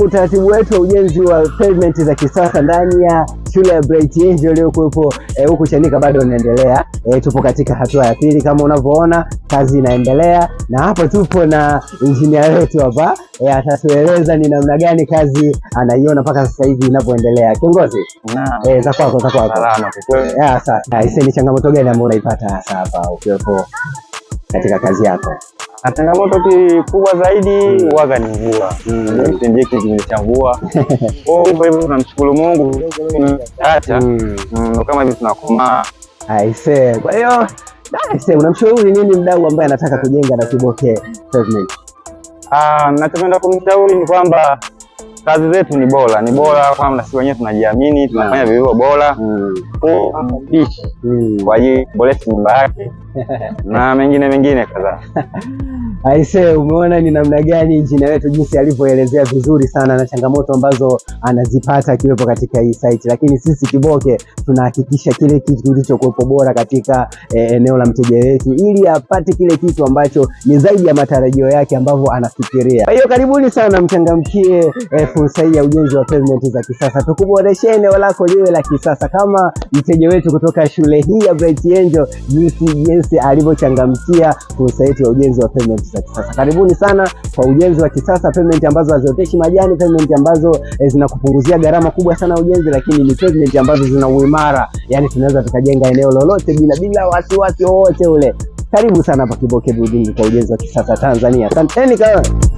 Utaratibu wetu wa ujenzi wa pavement za kisasa ndani ya shule ya Bright Angel iliyokuwepo eh, huku e, Chanika bado inaendelea. E, tupo katika hatua ya pili kama unavyoona, kazi inaendelea, na hapa tupo na engineer wetu hapa e, atatueleza ni namna gani kazi anaiona mpaka sasa hivi inavyoendelea. Kiongozi, e, za kwako za kwako. Ah, sasa ah, ni changamoto gani ambayo unaipata hasa hapa ukiwepo katika kazi yako? na changamoto kikubwa zaidi hmm. waga ni mvua. Kipindi hmm. yaani hiki kipindi cha mvua, hivyo oh, hivyo tunamshukuru Mungu hmm. acha kama hivi tunakomaa. Aise, kwa hiyo aise, unamshauri nini mdau ambaye anataka kujenga na Kiboke Pavement? Ah, nachopenda kumshauri ni kwamba kazi zetu ni bora, ni bora na sisi wenyewe tunajiamini, tunafanya vilivyo bora mm. mm. kwa ajili ya kuboresha nyumba yake na mengine mengine kadhaa. Aise, umeona ni namna gani injinia wetu jinsi alivyoelezea vizuri sana na changamoto ambazo anazipata akiwepo katika hii site, lakini sisi Kiboke tunahakikisha kile kitu kilichokuwepo bora katika eh, eneo la mteja wetu ili apate kile kitu ambacho ni zaidi ya matarajio yake ambavyo anafikiria. Kwa hiyo karibuni sana mchangamkie eh, fursa hii ya ujenzi wa pavement za kisasa, tukuboreshe eneo lako liwe la kisasa kama mteja wetu kutoka shule hii ya Bright Angel, jinsi jinsi alivyochangamkia fursa yetu ya ujenzi wa pavement payment za kisasa. Karibuni sana kwa ujenzi wa kisasa, payment ambazo hazioteshi majani, payment ambazo eh, zinakupunguzia gharama kubwa sana ujenzi, lakini ni payment ambazo zina uimara, yani tunaweza tukajenga eneo lolote bila bila wasiwasi wowote ule. Karibu sana hapa Kiboke Building kwa ujenzi wa kisasa Tanzania. Asanteni sana.